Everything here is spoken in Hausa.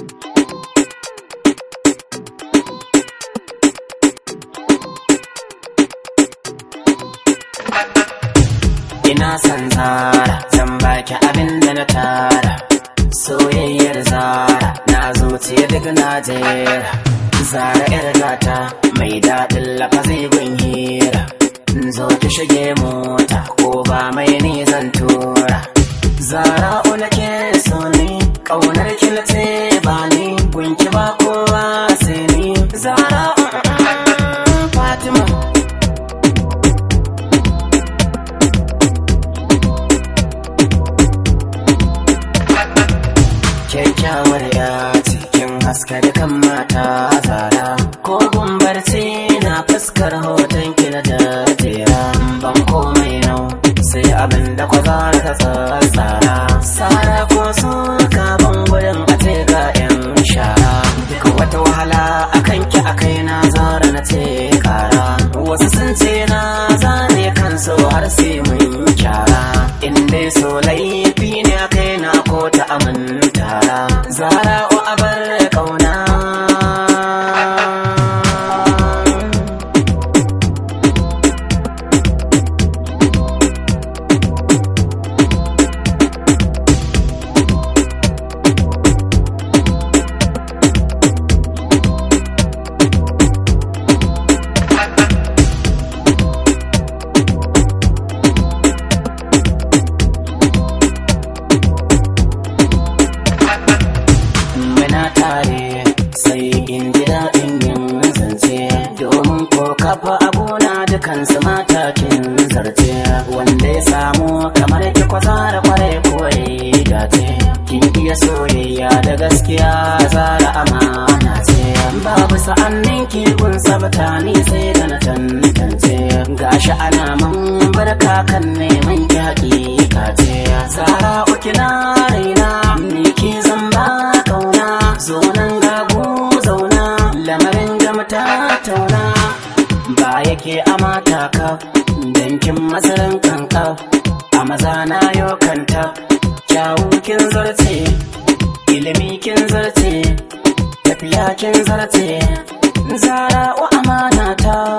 Ina san zara, zan baki abin da na tara. Soyayyar zara, na zuciya duk najera Zara 'yar gata, mai daɗin lafazi gun hira. Zo ki shige mota, ko ba mai ni zan tura. Zara una ke so Ƙaunar ki ba ni gunki ba kowa sai ni zara Fatima. Kyakkyawar ya cikin haska da kan mata zara ko gumbarci na fuskar hoton ki na dajera ban komai nau sai abin da kwa ta tsara. Sara Zara lissafa abuna dukan dukansu mata kin zarce wanda ya samu kamar ki kwazara kware koyi dace kin iya soyayya da gaskiya zara amana ce babu sa'annin ki kun sabta ni sai da na tantance gashi ana man barka kan neman yaƙi kace zara ukina raina ni ki zamba kauna zo nan gago zauna lamarin mata tauna ba yake mata ka dankin masarin kanka a maza na yau kanta kyawu kin zarce ilimi kin zarce tafiya kin zarce zara wa amana ta